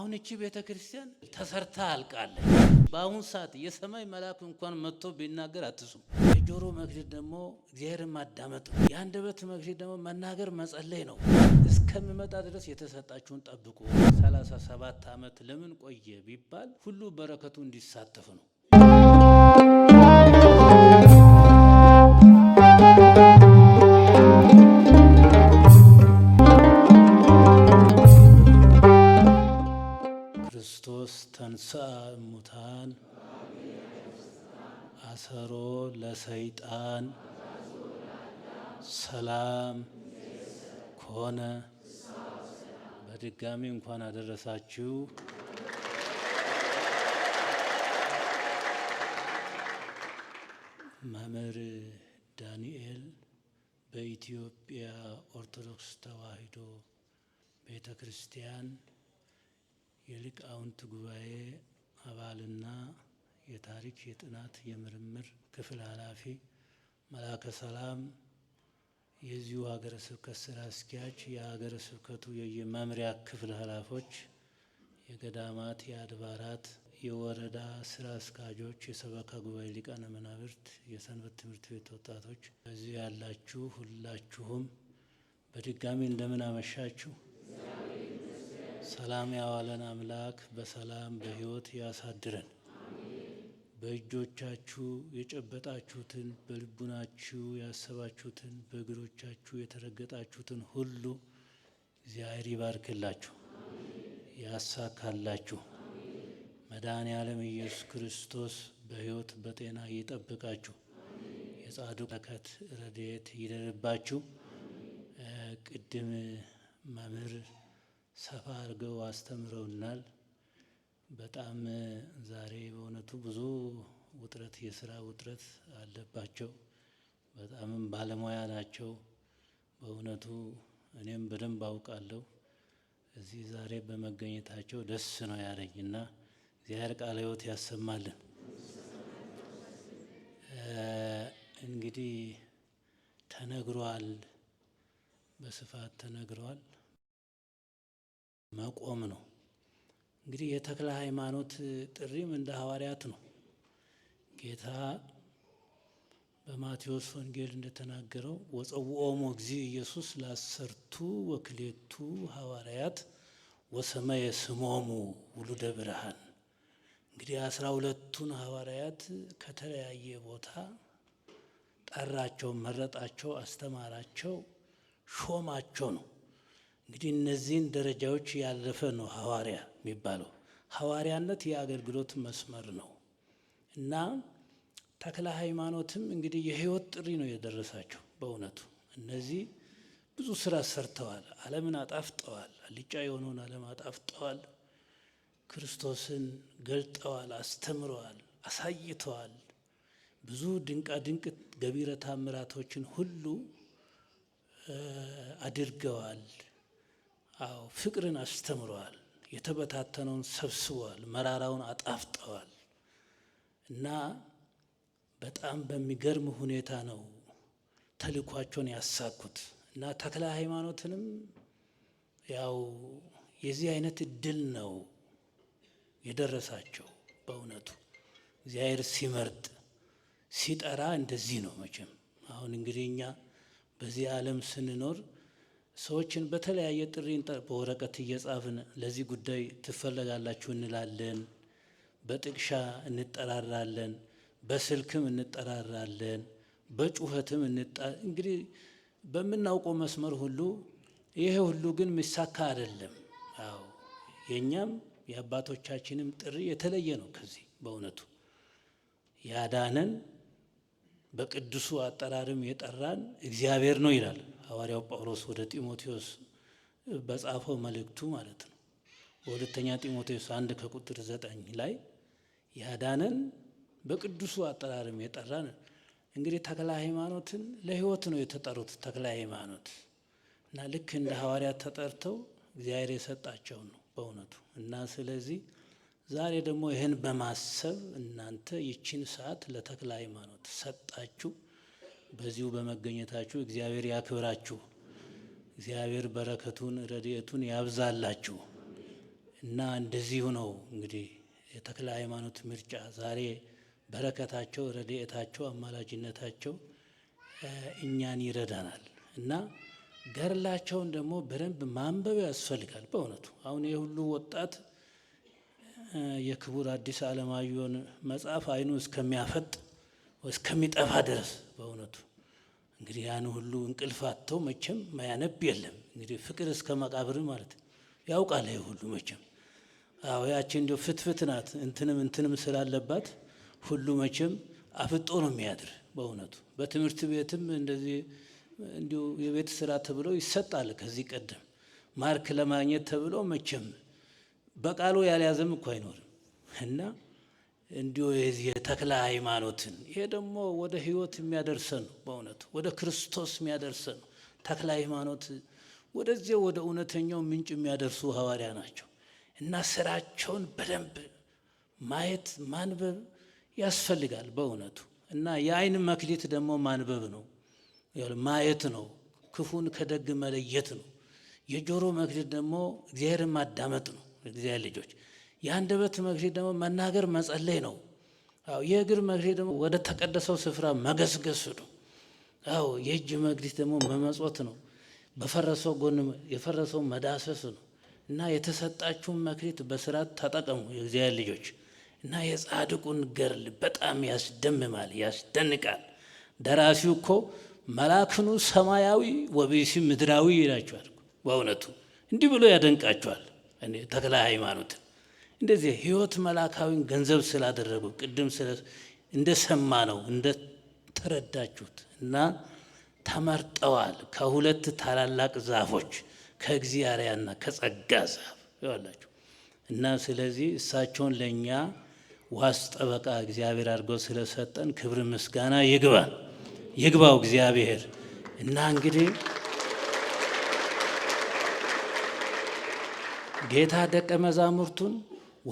አሁን እቺ ቤተ ክርስቲያን ተሰርታ አልቃለች። በአሁን ሰዓት የሰማይ መልአክ እንኳን መጥቶ ቢናገር አትሱም። የጆሮ መክሊት ደግሞ እግዚአብሔርን ማዳመጥ ነው። የአንደበት መክሊት ደግሞ መናገር መጸለይ ነው። እስከሚመጣ ድረስ የተሰጣችሁን ጠብቁ። ሰላሳ ሰባት ዓመት ለምን ቆየ ቢባል ሁሉ በረከቱ እንዲሳተፍ ነው። ክርስቶስ ተንሥአ እሙታን አሰሮ ለሰይጣን ሰላም ከሆነ በድጋሚ እንኳን አደረሳችሁ። መምህር ዳንኤል በኢትዮጵያ ኦርቶዶክስ ተዋሕዶ ቤተ ክርስቲያን የሊቃውንት ጉባኤ አባልና የታሪክ የጥናት የምርምር ክፍል ኃላፊ መላከ ሰላም የዚሁ ሀገረ ስብከት ስራ አስኪያጅ የሀገረ ስብከቱ የየመምሪያ ክፍል ኃላፎች፣ የገዳማት፣ የአድባራት፣ የወረዳ ስራ አስኪያጆች፣ የሰበካ ጉባኤ ሊቃነ መናብርት፣ የሰንበት ትምህርት ቤት ወጣቶች፣ እዚህ ያላችሁ ሁላችሁም በድጋሚ እንደምን አመሻችሁ። ሰላም ያዋለን አምላክ በሰላም በህይወት ያሳድረን። በእጆቻችሁ የጨበጣችሁትን በልቡናችሁ ያሰባችሁትን በእግሮቻችሁ የተረገጣችሁትን ሁሉ እግዚአብሔር ይባርክላችሁ፣ ያሳካላችሁ። መድኃኔ ዓለም ኢየሱስ ክርስቶስ በህይወት በጤና ይጠብቃችሁ። የጻድቁ በረከት ረድኤት ይደርባችሁ። ቅድም መምህር ሰፋ አድርገው አስተምረውናል። በጣም ዛሬ በእውነቱ ብዙ ውጥረት፣ የስራ ውጥረት አለባቸው። በጣምም ባለሙያ ናቸው። በእውነቱ እኔም በደንብ አውቃለሁ። እዚህ ዛሬ በመገኘታቸው ደስ ነው ያለኝና እግዚአብሔር ቃለ ሕይወት ያሰማልን። እንግዲህ ተነግሯል፣ በስፋት ተነግሯል። መቆም ነው። እንግዲህ የተክለ ሃይማኖት ጥሪም እንደ ሐዋርያት ነው። ጌታ በማቴዎስ ወንጌል እንደተናገረው ወፀውኦሙ እግዚእ ኢየሱስ ላሰርቱ ወክሌቱ ሐዋርያት ወሰመየ ስሞሙ ውሉደ ብርሃን። እንግዲህ አስራ ሁለቱን ሐዋርያት ከተለያየ ቦታ ጠራቸው፣ መረጣቸው፣ አስተማራቸው፣ ሾማቸው ነው። እንግዲህ እነዚህን ደረጃዎች ያለፈ ነው ሐዋርያ የሚባለው። ሐዋርያነት የአገልግሎት መስመር ነው እና ተክለ ሃይማኖትም እንግዲህ የህይወት ጥሪ ነው የደረሳቸው። በእውነቱ እነዚህ ብዙ ስራ ሰርተዋል። ዓለምን አጣፍጠዋል። አልጫ የሆነውን ዓለም አጣፍጠዋል። ክርስቶስን ገልጠዋል፣ አስተምረዋል፣ አሳይተዋል። ብዙ ድንቃ ድንቅ ገቢረ ታምራቶችን ሁሉ አድርገዋል። አዎ ፍቅርን አስተምረዋል። የተበታተነውን ሰብስበዋል፣ መራራውን አጣፍጠዋል። እና በጣም በሚገርም ሁኔታ ነው ተልኳቸውን ያሳኩት። እና ተክለ ሃይማኖትንም ያው የዚህ አይነት እድል ነው የደረሳቸው። በእውነቱ እግዚአብሔር ሲመርጥ ሲጠራ እንደዚህ ነው። መቼም አሁን እንግዲህ እኛ በዚህ ዓለም ስንኖር ሰዎችን በተለያየ ጥሪ በወረቀት እየጻፍን ለዚህ ጉዳይ ትፈለጋላችሁ እንላለን። በጥቅሻ እንጠራራለን፣ በስልክም እንጠራራለን፣ በጩኸትም እንግዲህ በምናውቀው መስመር ሁሉ ይሄ ሁሉ ግን ሚሳካ አይደለም። አዎ የእኛም የአባቶቻችንም ጥሪ የተለየ ነው። ከዚህ በእውነቱ ያዳነን በቅዱሱ አጠራርም የጠራን እግዚአብሔር ነው ይላል። ሐዋርያው ጳውሎስ ወደ ጢሞቴዎስ በጻፈው መልእክቱ ማለት ነው። በሁለተኛ ጢሞቴዎስ አንድ ከቁጥር ዘጠኝ ላይ ያዳነን በቅዱሱ አጠራርም የጠራን እንግዲህ ተክለ ሃይማኖትን ለህይወት ነው የተጠሩት ተክለ ሃይማኖት እና ልክ እንደ ሐዋርያት ተጠርተው እግዚአብሔር የሰጣቸው ነው በእውነቱ እና ስለዚህ ዛሬ ደግሞ ይህን በማሰብ እናንተ ይችን ሰዓት ለተክለ ሃይማኖት ሰጣችሁ። በዚሁ በመገኘታችሁ እግዚአብሔር ያክብራችሁ። እግዚአብሔር በረከቱን ረድኤቱን ያብዛላችሁ እና እንደዚሁ ነው እንግዲህ የተክለ ሃይማኖት ምርጫ ዛሬ በረከታቸው፣ ረድኤታቸው፣ አማላጅነታቸው እኛን ይረዳናል እና ገርላቸውን ደግሞ በደንብ ማንበብ ያስፈልጋል። በእውነቱ አሁን የሁሉ ወጣት የክቡር አዲስ አለማየሁን መጽሐፍ አይኑ እስከሚያፈጥ እስከሚጠፋ ድረስ በእውነቱ እንግዲህ ያን ሁሉ እንቅልፍ አጥተው መቼም ማያነብ የለም። እንግዲህ ፍቅር እስከ መቃብር ማለት ያውቃል ይህ ሁሉ መቼም። አዎ ያቺ እንዲ ፍትፍት ናት እንትንም እንትንም ስላለባት ሁሉ መቼም አፍጦ ነው የሚያድር በእውነቱ። በትምህርት ቤትም እንደዚህ እንዲሁ የቤት ስራ ተብሎ ይሰጣል። ከዚህ ቀደም ማርክ ለማግኘት ተብሎ መቼም በቃሉ ያልያዘም እኮ አይኖርም እና እንዲሁ የተክለ ሃይማኖትን ይሄ ደግሞ ወደ ህይወት የሚያደርሰን ነው። በእውነቱ ወደ ክርስቶስ የሚያደርሰን ነው። ተክለ ሃይማኖት ወደዚ ወደ እውነተኛው ምንጭ የሚያደርሱ ሐዋርያ ናቸው እና ስራቸውን በደንብ ማየት ማንበብ ያስፈልጋል በእውነቱ እና የአይን መክሊት ደግሞ ማንበብ ነው ማየት ነው። ክፉን ከደግ መለየት ነው። የጆሮ መክሊት ደግሞ እግዚአብሔርን ማዳመጥ ነው። እግዚአብሔር ልጆች የአንደበት መግሸት ደግሞ መናገር መጸለይ ነው። አዎ የእግር መግሸት ደግሞ ወደ ተቀደሰው ስፍራ መገስገስ ነው። አዎ የእጅ መግሸት ደግሞ መመጾት ነው። በፈረሰው ጎን የፈረሰው መዳሰስ ነው። እና የተሰጣችሁን መክሊት በስርዓት ተጠቀሙ የእግዚአብሔር ልጆች። እና የጻድቁን ገርል በጣም ያስደምማል፣ ያስደንቃል። ደራሲው እኮ መላክኑ ሰማያዊ ወቢሲ ምድራዊ ይላቸዋል። በእውነቱ እንዲህ ብሎ ያደንቃቸዋል ተክለ ሃይማኖትን እንደዚህ ህይወት መላካዊን ገንዘብ ስላደረጉ ቅድም እንደሰማ ነው እንደተረዳችሁት እና ተመርጠዋል ከሁለት ታላላቅ ዛፎች ከእግዚአርያና ከጸጋ ዛፍ ይዋላችሁ እና ስለዚህ እሳቸውን ለእኛ ዋስ ጠበቃ እግዚአብሔር አድርገው ስለሰጠን ክብር ምስጋና ይግባ ይግባው እግዚአብሔር እና እንግዲህ ጌታ ደቀ መዛሙርቱን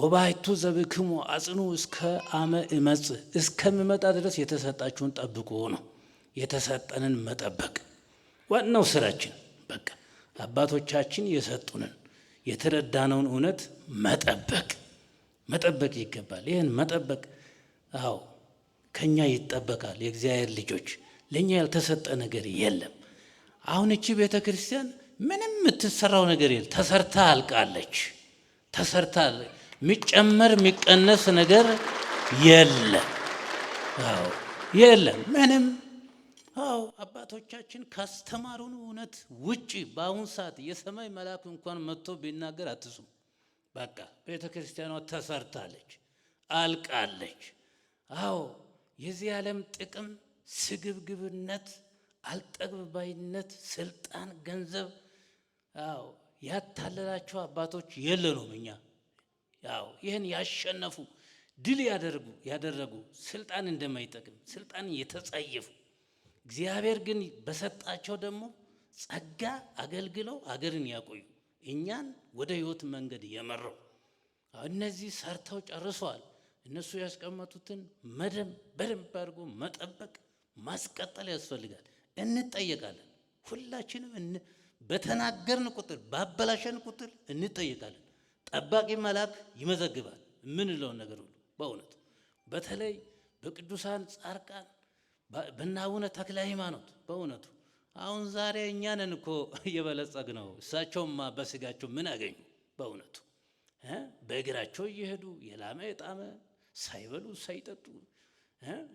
ወባይቱ ዘብክሙ አጽኑ እስከ አመ እመጽ እስከምመጣ ድረስ የተሰጣችሁን ጠብቁ ነው። የተሰጠንን መጠበቅ ዋናው ስራችን በቃ አባቶቻችን የሰጡንን የተረዳነውን እውነት መጠበቅ መጠበቅ ይገባል። ይህን መጠበቅ አዎ ከእኛ ይጠበቃል። የእግዚአብሔር ልጆች ለእኛ ያልተሰጠ ነገር የለም። አሁን እቺ ቤተ ክርስቲያን ምንም የምትሰራው ነገር የለ ተሰርታ አልቃለች። ተሰርታ የሚጨመር የሚቀነስ ነገር የለም የለም ምንም። አዎ አባቶቻችን ካስተማሩን እውነት ውጪ በአሁን ሰዓት የሰማይ መልአክ እንኳን መጥቶ ቢናገር አትስሙ። በቃ ቤተ ክርስቲያኗ ተሰርታለች፣ አልቃለች። አዎ የዚህ ዓለም ጥቅም፣ ስግብግብነት፣ አልጠግብባይነት ስልጣን፣ ገንዘብ አዎ ያታለላቸው አባቶች የለንም እኛ። ያው ይህን ያሸነፉ ድል ያደርጉ ያደረጉ ስልጣን እንደማይጠቅም ስልጣን የተጸየፉ እግዚአብሔር ግን በሰጣቸው ደግሞ ጸጋ አገልግለው አገርን ያቆዩ እኛን ወደ ህይወት መንገድ የመራው እነዚህ ሰርተው ጨርሰዋል። እነሱ ያስቀመጡትን መደም በደንብ አድርጎ መጠበቅ ማስቀጠል ያስፈልጋል። እንጠየቃለን። ሁላችንም በተናገርን ቁጥር ባበላሸን ቁጥር እንጠየቃለን። ጠባቂ መልአክ ይመዘግባል የምንለውን ነገር ሁሉ በእውነት በተለይ በቅዱሳን ጻርቃን በእነ አቡነ ተክለ ሃይማኖት በእውነቱ አሁን ዛሬ እኛንን እኮ እየበለጸግ ነው። እሳቸውማ በስጋቸው ምን አገኙ? በእውነቱ በእግራቸው እየሄዱ የላመ የጣመ ሳይበሉ ሳይጠጡ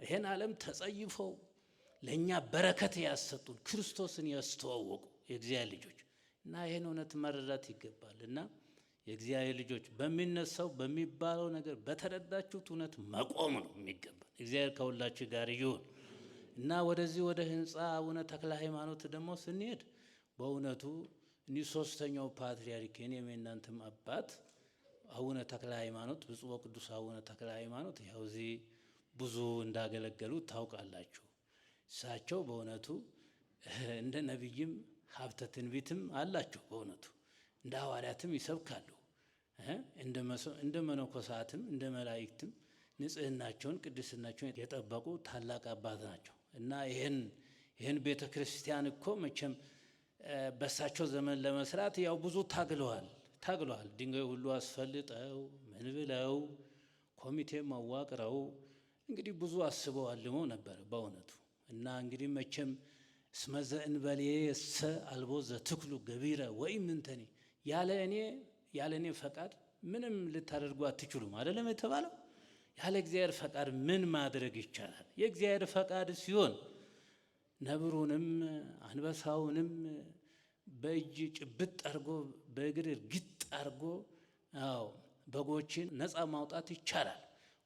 ይህን ዓለም ተጸይፈው ለእኛ በረከት ያሰጡን ክርስቶስን ያስተዋወቁ የእግዚአብሔር ልጆች እና ይህን እውነት መረዳት ይገባል እና የእግዚአብሔር ልጆች በሚነሳው በሚባለው ነገር በተረዳችሁት እውነት መቆም ነው የሚገባል። እግዚአብሔር ከሁላችሁ ጋር ይሁን እና ወደዚህ ወደ ህንፃ አቡነ ተክለ ሃይማኖት ደግሞ ስንሄድ በእውነቱ እኒህ ሶስተኛው ፓትርያርክ የኔም የእናንተም አባት አቡነ ተክለ ሃይማኖት ብፁዕ ወቅዱስ አቡነ ተክለ ሃይማኖት ያው እዚህ ብዙ እንዳገለገሉ ታውቃላችሁ። እሳቸው በእውነቱ እንደ ነቢይም ሀብተ ትንቢትም አላቸው። በእውነቱ እንደ ሐዋርያትም ይሰብካሉ። እንደ መነኮሳትም እንደ መላይክትም ንጽህናቸውን ቅድስናቸውን የጠበቁ ታላቅ አባት ናቸው እና ይህን ይህን ቤተ ክርስቲያን እኮ መቼም በሳቸው ዘመን ለመስራት ያው ብዙ ታግለዋል ታግለዋል። ድንጋይ ሁሉ አስፈልጠው ምን ብለው ኮሚቴ መዋቅረው እንግዲህ ብዙ አስበው አልመው ነበር በእውነቱ እና እንግዲህ መቼም እስመዘ እንበሌ የሰ አልቦ ዘትክሉ ገቢረ ወይም እንተኔ ያለ እኔ ያለ እኔ ፈቃድ ምንም ልታደርጉ አትችሉም አይደለም የተባለው። ያለ እግዚአብሔር ፈቃድ ምን ማድረግ ይቻላል? የእግዚአብሔር ፈቃድ ሲሆን ነብሩንም አንበሳውንም በእጅ ጭብጥ አርጎ በእግር እርግጥ አርጎ አዎ በጎችን ነፃ ማውጣት ይቻላል።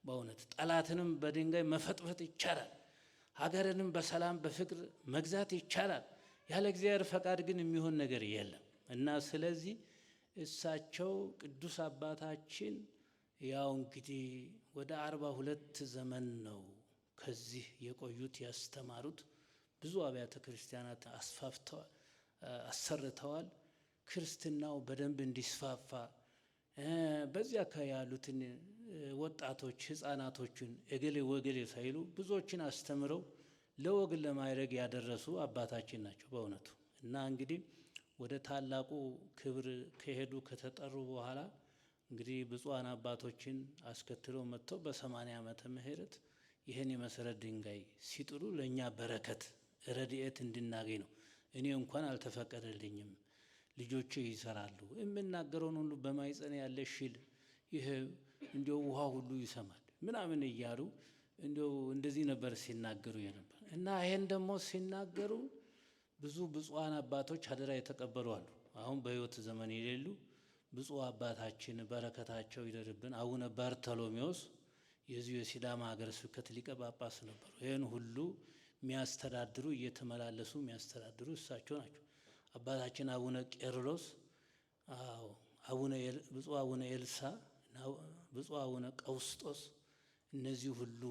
በእውነት ጠላትንም በድንጋይ መፈጥፈጥ ይቻላል። ሀገርንም በሰላም በፍቅር መግዛት ይቻላል። ያለ እግዚአብሔር ፈቃድ ግን የሚሆን ነገር የለም እና ስለዚህ እሳቸው ቅዱስ አባታችን ያው እንግዲህ ወደ አርባ ሁለት ዘመን ነው ከዚህ የቆዩት ያስተማሩት። ብዙ አብያተ ክርስቲያናት አስፋፍተዋል፣ አሰርተዋል። ክርስትናው በደንብ እንዲስፋፋ በዚያ አካባቢ ያሉትን ወጣቶች ህፃናቶችን እገሌ ወገሌ ሳይሉ ብዙዎችን አስተምረው ለወግን ለማድረግ ያደረሱ አባታችን ናቸው በእውነቱ እና እንግዲህ ወደ ታላቁ ክብር ከሄዱ ከተጠሩ በኋላ እንግዲህ ብፁዓን አባቶችን አስከትለው መጥተው በሰማንያ ዓመተ ምህረት ይህን የመሰረት ድንጋይ ሲጥሉ ለእኛ በረከት ረድኤት እንድናገኝ ነው። እኔ እንኳን አልተፈቀደልኝም፣ ልጆቼ ይሰራሉ። የምናገረውን ሁሉ በማይጸን ያለ ሽል ይህ እንዲያው ውሃ ሁሉ ይሰማል ምናምን እያሉ እንዲያው እንደዚህ ነበር ሲናገሩ የነበር እና ይህን ደግሞ ሲናገሩ ብዙ ብፁዓን አባቶች አደራ የተቀበሉ አሉ። አሁን በሕይወት ዘመን የሌሉ ብፁዕ አባታችን በረከታቸው ይደርብን አቡነ ባርተሎሜዎስ የዚሁ የሲዳማ ሀገረ ስብከት ሊቀ ጳጳስ ነበሩ። ይህን ሁሉ የሚያስተዳድሩ እየተመላለሱ የሚያስተዳድሩ እሳቸው ናቸው። አባታችን አቡነ ቄርሎስ፣ ብፁዕ አቡነ ኤልሳ፣ ብፁዕ አቡነ ቀውስጦስ እነዚህ ሁሉ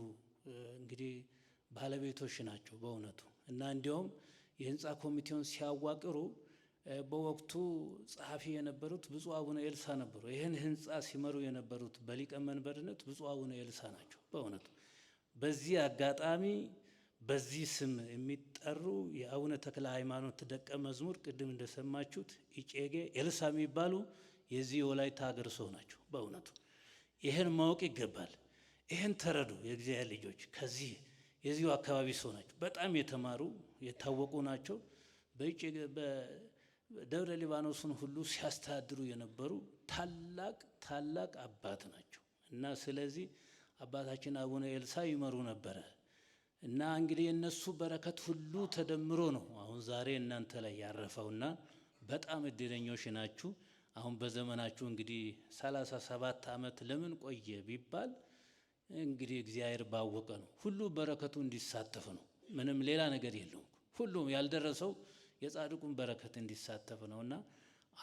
እንግዲህ ባለቤቶች ናቸው በእውነቱ እና እንዲሁም የህንፃ ኮሚቴውን ሲያዋቅሩ በወቅቱ ጸሐፊ የነበሩት ብፁ አቡነ ኤልሳ ነበሩ። ይህን ህንፃ ሲመሩ የነበሩት በሊቀመንበርነት ብፁ አቡነ ኤልሳ ናቸው። በእውነቱ በዚህ አጋጣሚ በዚህ ስም የሚጠሩ የአቡነ ተክለ ሃይማኖት ደቀ መዝሙር ቅድም እንደሰማችሁት ኢጬጌ ኤልሳ የሚባሉ የዚህ የወላይታ ሀገር ሰው ናቸው። በእውነቱ ይህን ማወቅ ይገባል። ይህን ተረዱ የእግዚአብሔር ልጆች ከዚህ የዚሁ አካባቢ ሰው ናቸው። በጣም የተማሩ የታወቁ ናቸው። በደብረ ሊባኖስን ሁሉ ሲያስተዳድሩ የነበሩ ታላቅ ታላቅ አባት ናቸው እና ስለዚህ አባታችን አቡነ ኤልሳ ይመሩ ነበረ እና እንግዲህ የእነሱ በረከት ሁሉ ተደምሮ ነው አሁን ዛሬ እናንተ ላይ ያረፈውና በጣም እድለኞች ናችሁ። አሁን በዘመናችሁ እንግዲህ ሰላሳ ሰባት ዓመት ለምን ቆየ ቢባል እንግዲህ እግዚአብሔር ባወቀ ነው። ሁሉ በረከቱ እንዲሳተፍ ነው። ምንም ሌላ ነገር የለውም። ሁሉም ያልደረሰው የጻድቁን በረከት እንዲሳተፍ ነው እና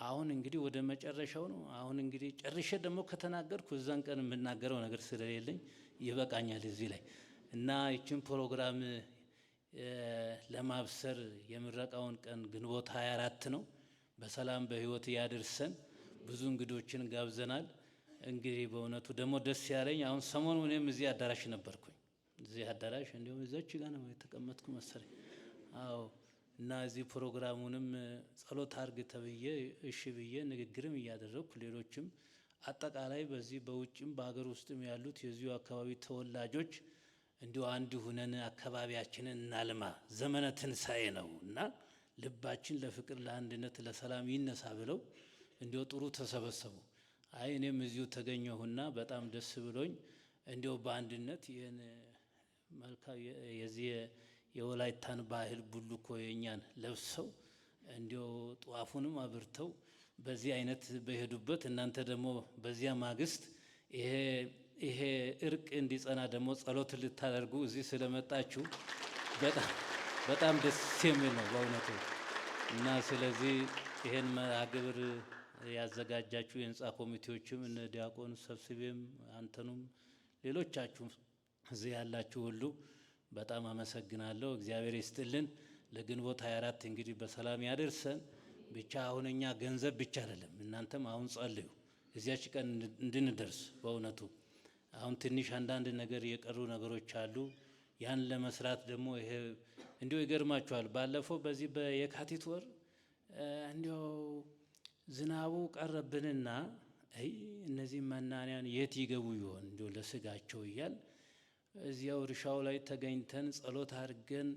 አሁን እንግዲህ ወደ መጨረሻው ነው። አሁን እንግዲህ ጨርሼ ደግሞ ከተናገርኩ እዛን ቀን የምናገረው ነገር ስለሌለኝ ይበቃኛል እዚህ ላይ እና ይችን ፕሮግራም ለማብሰር የምረቃውን ቀን ግንቦት 24 ነው። በሰላም በህይወት ያድርሰን። ብዙ እንግዶችን ጋብዘናል። እንግዲህ በእውነቱ ደግሞ ደስ ያለኝ አሁን ሰሞኑ እኔም እዚህ አዳራሽ ነበርኩኝ። እዚህ አዳራሽ እንዲሁም እዛች ጋ ነው የተቀመጥኩ መሰለኝ። አዎ እና እዚህ ፕሮግራሙንም ጸሎት አርግ ተብዬ እሺ ብዬ ንግግርም እያደረግኩ ሌሎችም አጠቃላይ በዚህ በውጭም በሀገር ውስጥም ያሉት የዚሁ አካባቢ ተወላጆች እንዲሁ አንድ ሁነን አካባቢያችንን እናልማ፣ ዘመነ ትንሣኤ ነው እና ልባችን ለፍቅር፣ ለአንድነት፣ ለሰላም ይነሳ ብለው እንዲሁ ጥሩ ተሰበሰቡ። አይ እኔም እዚሁ ተገኘሁና በጣም ደስ ብሎኝ እንዲው በአንድነት ይህን መልካ የዚህ የወላይታን ባህል ቡልኮ የእኛን ለብሰው እንዲው ጧፉንም አብርተው በዚህ አይነት በሄዱበት እናንተ ደግሞ በዚያ ማግስት ይሄ እርቅ እንዲጸና ደግሞ ጸሎት ልታደርጉ እዚህ ስለመጣችሁ በጣም ደስ የሚል ነው በእውነቱ እና ስለዚህ ይሄን መርሃ ግብር ያዘጋጃችሁ የህንፃ ኮሚቴዎችም እነ ዲያቆን ሰብስቤም አንተኑም ሌሎቻችሁ እዚህ ያላችሁ ሁሉ በጣም አመሰግናለሁ። እግዚአብሔር ይስጥልን። ለግንቦት 24 እንግዲህ በሰላም ያደርሰን። ብቻ አሁን እኛ ገንዘብ ብቻ አይደለም፣ እናንተም አሁን ጸልዩ እዚያች ቀን እንድንደርስ። በእውነቱ አሁን ትንሽ አንዳንድ ነገር የቀሩ ነገሮች አሉ። ያን ለመስራት ደግሞ ይሄ እንዲሁ ይገርማችኋል። ባለፈው በዚህ በየካቲት ወር እንዲያው ዝናቡ ቀረብንና አይ እነዚህ መናንያን የት ይገቡ ይሆን እንዲ ለስጋቸው እያል እዚያው እርሻው ላይ ተገኝተን ጸሎት አድርገን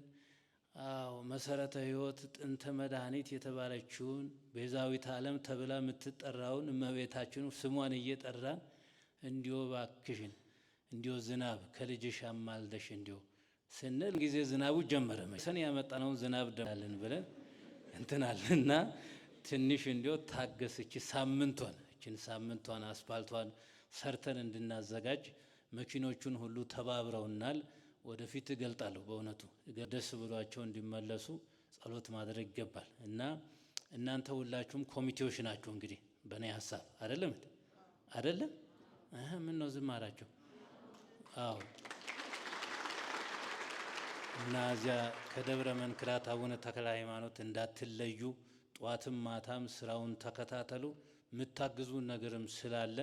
አዎ መሰረተ ህይወት ጥንተ መድኃኒት የተባለችውን ቤዛዊት ዓለም ተብላ የምትጠራውን እመቤታችን ስሟን እየጠራን እንዲዮ ባክሽን እንዲዮ ዝናብ ከልጅሽ አማልደሽ እንዲዮ ስንል ጊዜ ዝናቡ ጀመረ። ሰን ያመጣነውን ዝናብ ደላልን ብለን እንትናልና ትንሽ እንዲሁ ታገስ። እቺ ሳምንቷን እችን ሳምንቷን አስፋልቷን ሰርተን እንድናዘጋጅ መኪኖቹን ሁሉ ተባብረውናል። ወደፊት እገልጣለሁ። በእውነቱ ደስ ብሏቸው እንዲመለሱ ጸሎት ማድረግ ይገባል እና እናንተ ሁላችሁም ኮሚቴዎች ናችሁ። እንግዲህ በእኔ ሀሳብ አደለም አደለም። ምን ነው ዝም አላቸው? አዎ እና እዚያ ከደብረ መንክራት አቡነ ተክለ ሃይማኖት እንዳትለዩ ጠዋትም ማታም ስራውን ተከታተሉ። የምታግዙን ነገርም ስላለ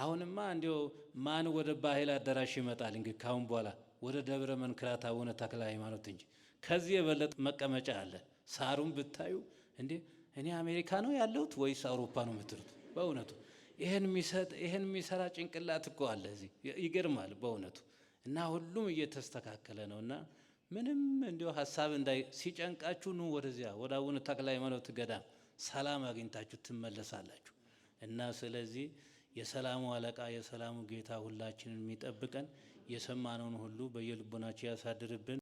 አሁንማ እንዲያው ማን ወደ ባህል አዳራሽ ይመጣል? እንግዲህ ካሁን በኋላ ወደ ደብረ መንክራት አቡነ ተክለ ሃይማኖት እንጂ ከዚህ የበለጠ መቀመጫ አለ? ሳሩን ብታዩ እንዴ! እኔ አሜሪካ ነው ያለሁት ወይስ አውሮፓ ነው የምትሉት? በእውነቱ ይህን የሚሰጥ ይህን የሚሰራ ጭንቅላት እኮ አለ እዚህ። ይገርማል በእውነቱ እና ሁሉም እየተስተካከለ ነውና ምንም እንዲሁ ሀሳብ እንዳይ ሲጨንቃችሁ ኑ ወደዚያ ወደ አቡነ ተክለ ሃይማኖት ገዳም ሰላም አግኝታችሁ ትመለሳላችሁ። እና ስለዚህ የሰላሙ አለቃ የሰላሙ ጌታ ሁላችንን የሚጠብቀን የሰማነውን ሁሉ በየልቦናቸው ያሳድርብን።